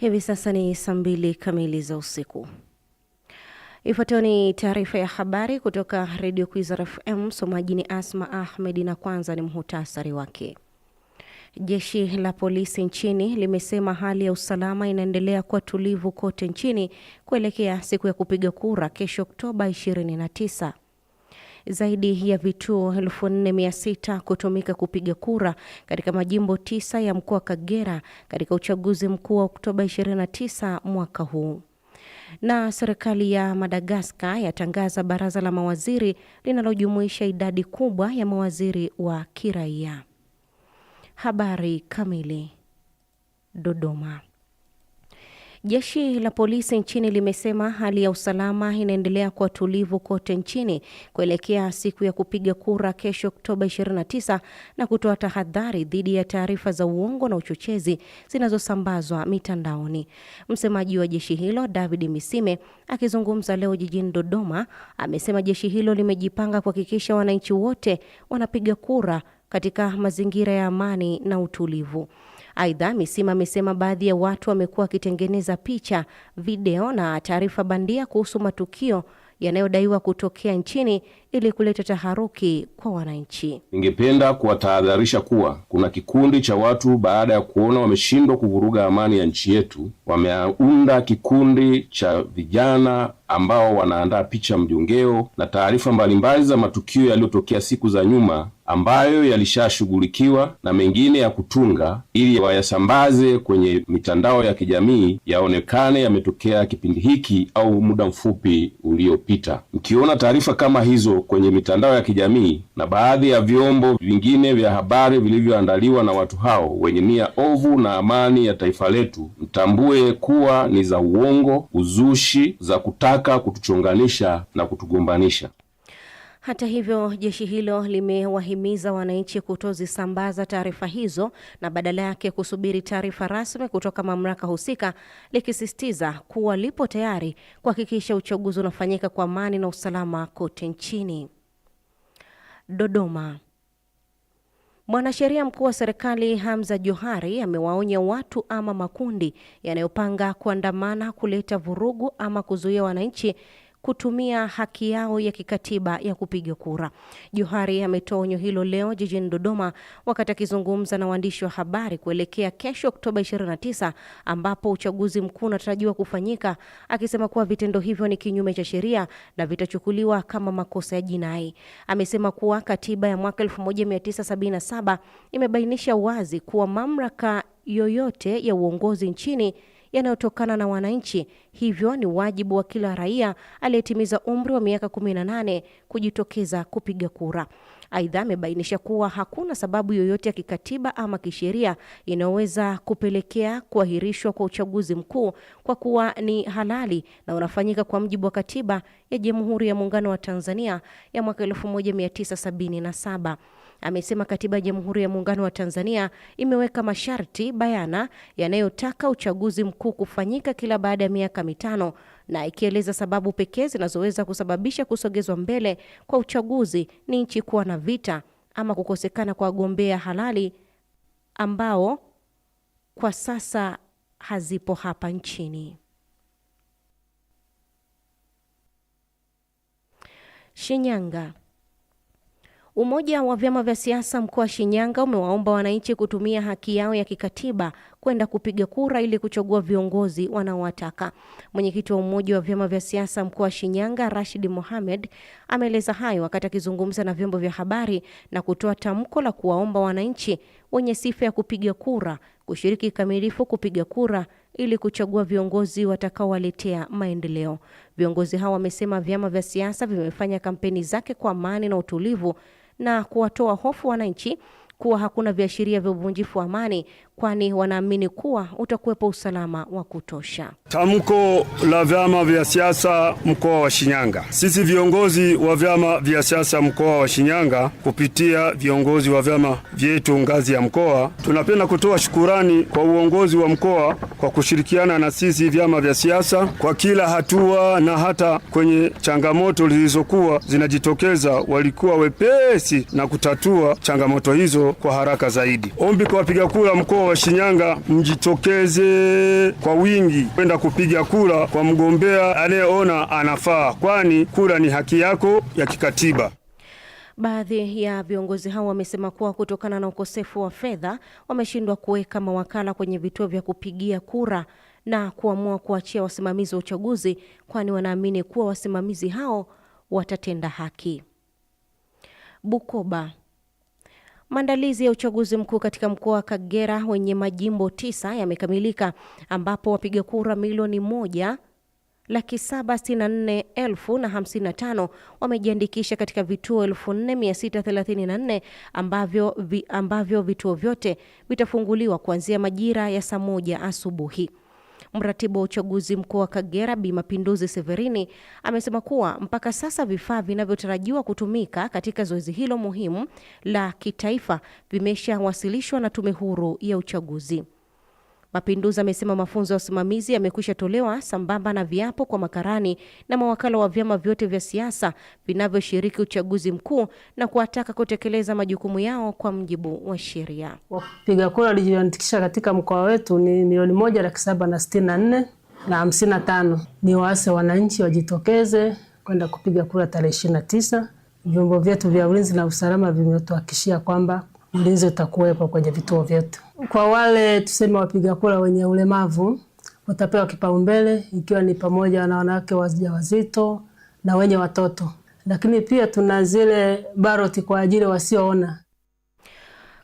Hivi sasa ni saa mbili kamili za usiku. Ifuatayo ni taarifa ya habari kutoka redio Kwizera FM. Msomaji ni Asma Ahmed na kwanza ni mhutasari wake. Jeshi la polisi nchini limesema hali ya usalama inaendelea kuwa tulivu kote nchini kuelekea siku ya kupiga kura kesho Oktoba 29 zaidi ya vituo 4600 kutumika kupiga kura katika majimbo tisa ya mkoa wa Kagera katika uchaguzi mkuu wa Oktoba 29 mwaka huu. Na serikali ya Madagaskar yatangaza baraza la mawaziri linalojumuisha idadi kubwa ya mawaziri wa kiraia. Habari kamili. Dodoma. Jeshi la polisi nchini limesema hali ya usalama inaendelea kuwa tulivu kote nchini kuelekea siku ya kupiga kura kesho Oktoba 29 na kutoa tahadhari dhidi ya taarifa za uongo na uchochezi zinazosambazwa mitandaoni. Msemaji wa jeshi hilo David Misime akizungumza leo jijini Dodoma amesema jeshi hilo limejipanga kuhakikisha wananchi wote wanapiga kura katika mazingira ya amani na utulivu. Aidha, Misima amesema baadhi ya watu wamekuwa wakitengeneza picha, video na taarifa bandia kuhusu matukio yanayodaiwa kutokea nchini ili kuleta taharuki kwa wananchi. Ningependa kuwatahadharisha kuwa kuna kikundi cha watu, baada ya kuona wameshindwa kuvuruga amani ya nchi yetu, wameunda kikundi cha vijana ambao wanaandaa picha mjongeo na taarifa mbalimbali za matukio yaliyotokea siku za nyuma ambayo yalishashughulikiwa na mengine ya kutunga ili wayasambaze kwenye mitandao ya kijamii yaonekane yametokea kipindi hiki au muda mfupi uliopita. Mkiona taarifa kama hizo kwenye mitandao ya kijamii na baadhi ya vyombo vingine vya habari vilivyoandaliwa na watu hao wenye nia ovu na amani ya taifa letu, mtambue kuwa ni za uongo, uzushi, za kutaka kutuchonganisha na kutugombanisha. Hata hivyo, jeshi hilo limewahimiza wananchi kutozisambaza taarifa hizo na badala yake kusubiri taarifa rasmi kutoka mamlaka husika, likisisitiza kuwa lipo tayari kuhakikisha uchaguzi unafanyika kwa amani na usalama kote nchini. Dodoma. Mwanasheria mkuu wa serikali Hamza Johari amewaonya watu ama makundi yanayopanga kuandamana kuleta vurugu ama kuzuia wananchi kutumia haki yao ya kikatiba ya kupiga kura. Johari ametoa onyo hilo leo jijini Dodoma wakati akizungumza na waandishi wa habari kuelekea kesho Oktoba 29 ambapo uchaguzi mkuu unatarajiwa kufanyika, akisema kuwa vitendo hivyo ni kinyume cha sheria na vitachukuliwa kama makosa ya jinai. Amesema kuwa katiba ya mwaka 1977 imebainisha wazi kuwa mamlaka yoyote ya uongozi nchini yanayotokana na wananchi, hivyo ni wajibu wa kila raia aliyetimiza umri wa miaka 18 kujitokeza kupiga kura. Aidha, amebainisha kuwa hakuna sababu yoyote ya kikatiba ama kisheria inayoweza kupelekea kuahirishwa kwa uchaguzi mkuu kwa kuwa ni halali na unafanyika kwa mujibu wa katiba ya Jamhuri ya Muungano wa Tanzania ya mwaka 1977 amesema katiba ya Jamhuri ya Muungano wa Tanzania imeweka masharti bayana yanayotaka uchaguzi mkuu kufanyika kila baada ya miaka mitano na ikieleza sababu pekee zinazoweza kusababisha kusogezwa mbele kwa uchaguzi ni nchi kuwa na vita ama kukosekana kwa wagombea halali ambao kwa sasa hazipo hapa nchini. Shinyanga Umoja wa vyama vya siasa mkoa wa Shinyanga umewaomba wananchi kutumia haki yao ya kikatiba kwenda kupiga kura ili kuchagua viongozi wanaowataka. Mwenyekiti wa umoja wa vyama vya siasa mkoa wa Shinyanga, Rashid Mohamed, ameeleza hayo wakati akizungumza na vyombo vya habari na kutoa tamko la kuwaomba wananchi wenye sifa ya kupiga kura kushiriki kikamilifu kupiga kura ili kuchagua viongozi watakaowaletea maendeleo. Viongozi hao wamesema vyama vya siasa vimefanya kampeni zake kwa amani na utulivu na kuwatoa hofu wananchi kuwa hakuna viashiria vya uvunjifu wa amani kwani wanaamini kuwa utakuwepo usalama wa kutosha. Tamko la vyama vya siasa mkoa wa Shinyanga. Sisi viongozi wa vyama vya siasa mkoa wa Shinyanga kupitia viongozi wa vyama vyetu ngazi ya mkoa, tunapenda kutoa shukurani kwa uongozi wa mkoa kwa kushirikiana na sisi vyama vya siasa kwa kila hatua, na hata kwenye changamoto zilizokuwa zinajitokeza walikuwa wepesi na kutatua changamoto hizo kwa haraka zaidi. Ombi kwa wapiga kura mkoa wa Shinyanga mjitokeze kwa wingi kwenda kupiga kura kwa mgombea anayeona anafaa, kwani kura ni haki yako ya kikatiba. Baadhi ya viongozi hao wamesema kuwa kutokana na ukosefu wa fedha wameshindwa kuweka mawakala kwenye vituo vya kupigia kura na kuamua kuachia wasimamizi wa uchaguzi, kwani wanaamini kuwa wasimamizi hao watatenda haki. Bukoba, Maandalizi ya uchaguzi mkuu katika mkoa wa Kagera wenye majimbo tisa yamekamilika ambapo wapiga kura milioni moja laki saba sitini na nne elfu na hamsini na tano wamejiandikisha katika vituo elfu nne mia sita thelathini na nne ambavyo, vi, ambavyo vituo vyote vitafunguliwa kuanzia majira ya saa moja asubuhi. Mratibu wa uchaguzi mkuu wa Kagera Bi Mapinduzi Severini amesema kuwa mpaka sasa vifaa vinavyotarajiwa kutumika katika zoezi hilo muhimu la kitaifa vimeshawasilishwa na Tume Huru ya Uchaguzi. Mapinduzi amesema mafunzo ya usimamizi yamekwisha tolewa sambamba na viapo kwa makarani na mawakala wa vyama vyote vya siasa vinavyoshiriki uchaguzi mkuu na kuwataka kutekeleza majukumu yao kwa mjibu wa sheria. Wapiga kura walijiandikisha katika mkoa wetu ni milioni moja laki saba na sitini na nne na hamsini na tano. Ni waase wananchi wajitokeze kwenda kupiga kura tarehe ishirini na tisa. Vyombo vyetu vya ulinzi na usalama vimetuhakishia kwamba ulinzi utakuwepo kwenye vituo vyetu. Kwa wale tuseme wapiga kura wenye ulemavu watapewa kipaumbele, ikiwa ni pamoja na wanawake wajawazito na wenye watoto, lakini pia tuna zile baroti kwa ajili wasioona.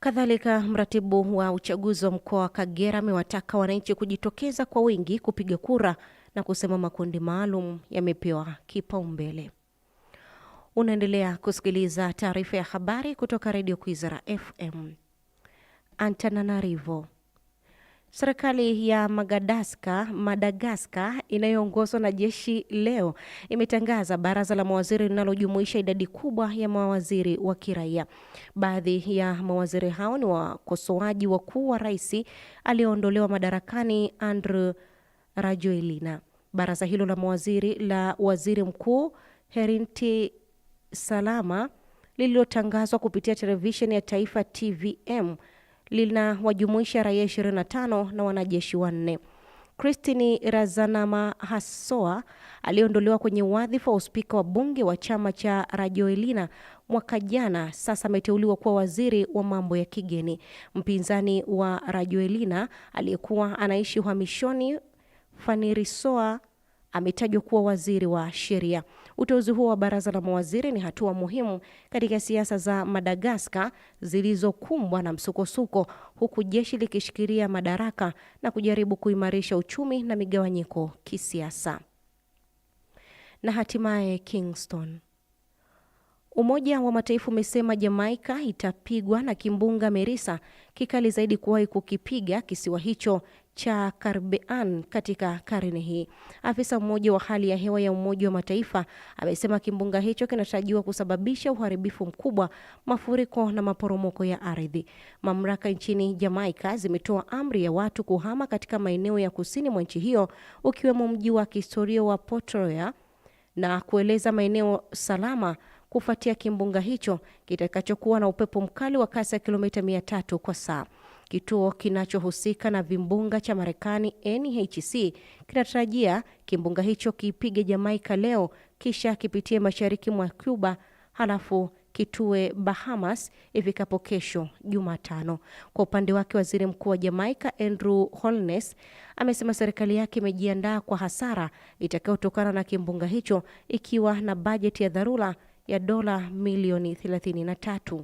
Kadhalika, mratibu wa uchaguzi wa mkoa wa Kagera amewataka wananchi kujitokeza kwa wingi kupiga kura na kusema makundi maalum yamepewa kipaumbele. Unaendelea kusikiliza taarifa ya habari kutoka redio Kwizera FM. Antananarivo. Serikali ya Magadaska, Madagaskar inayoongozwa na jeshi leo imetangaza baraza la mawaziri linalojumuisha idadi kubwa ya mawaziri wa kiraia. Baadhi ya mawaziri hao ni wakosoaji wakuu wa rais aliyeondolewa madarakani Andry Rajoelina. Baraza hilo la mawaziri la waziri mkuu Herinti salama lililotangazwa kupitia televisheni ya taifa TVM linawajumuisha raia 25 na wanajeshi wanne. Christine Razanama Hassoa aliyeondolewa kwenye wadhifa wa uspika wa bunge wa chama cha Rajoelina mwaka jana, sasa ameteuliwa kuwa waziri wa mambo ya kigeni. Mpinzani wa Rajoelina aliyekuwa anaishi uhamishoni Fanirisoa ametajwa kuwa waziri wa sheria. Uteuzi huo wa baraza la mawaziri ni hatua muhimu katika siasa za Madagaskar zilizokumbwa na msukosuko, huku jeshi likishikilia madaraka na kujaribu kuimarisha uchumi na migawanyiko kisiasa. Na hatimaye Kingston. Umoja wa Mataifa umesema Jamaika itapigwa na kimbunga Merisa, kikali zaidi kuwahi kukipiga kisiwa hicho cha karbean katika karne hii. Afisa mmoja wa hali ya hewa ya Umoja wa Mataifa amesema kimbunga hicho kinatarajiwa kusababisha uharibifu mkubwa, mafuriko na maporomoko ya ardhi. Mamlaka nchini Jamaika zimetoa amri ya watu kuhama katika maeneo ya kusini mwa nchi hiyo ukiwemo mji wa kihistoria wa Port Royal na kueleza maeneo salama kufuatia kimbunga hicho kitakachokuwa na upepo mkali wa kasi ya kilomita mia tatu kwa saa. Kituo kinachohusika na vimbunga cha Marekani NHC kinatarajia kimbunga hicho kiipige Jamaika leo kisha kipitie mashariki mwa Cuba halafu kitue Bahamas ifikapo kesho Jumatano. Kwa upande wake, waziri mkuu wa Jamaika Andrew Holness amesema serikali yake imejiandaa kwa hasara itakayotokana na kimbunga hicho ikiwa na bajeti ya dharura ya dola milioni 33.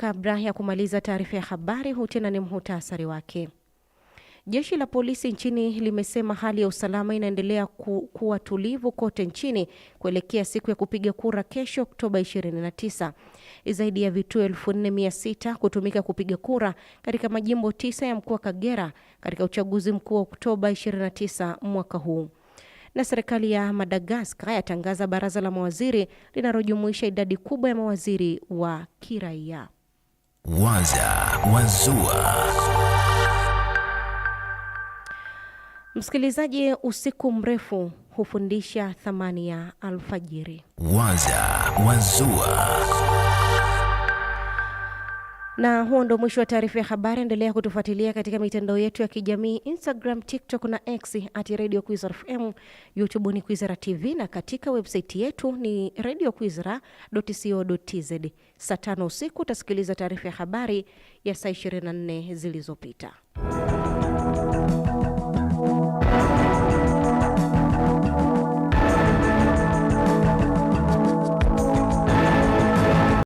Kabla ya kumaliza taarifa ya habari, huu tena ni mhutasari wake. Jeshi la polisi nchini limesema hali ya usalama inaendelea ku, kuwa tulivu kote nchini kuelekea siku ya kupiga kura kesho Oktoba 29. Zaidi ya vituo 4600 kutumika kupiga kura katika majimbo tisa ya mkoa wa Kagera katika uchaguzi mkuu wa Oktoba 29 mwaka huu. Na serikali ya madagaska yatangaza baraza la mawaziri linalojumuisha idadi kubwa ya mawaziri wa kiraia. Waza Wazua. Msikilizaji, usiku mrefu hufundisha thamani ya alfajiri. Waza Wazua. Na huo ndo mwisho wa taarifa ya habari. Endelea kutufuatilia katika mitandao yetu ya kijamii Instagram, TikTok na X at Radio Kwizera FM. YouTube ni Kwizera TV na katika website yetu ni radiokwizera.co.tz. Saa tano usiku utasikiliza taarifa ya habari ya saa 24 zilizopita.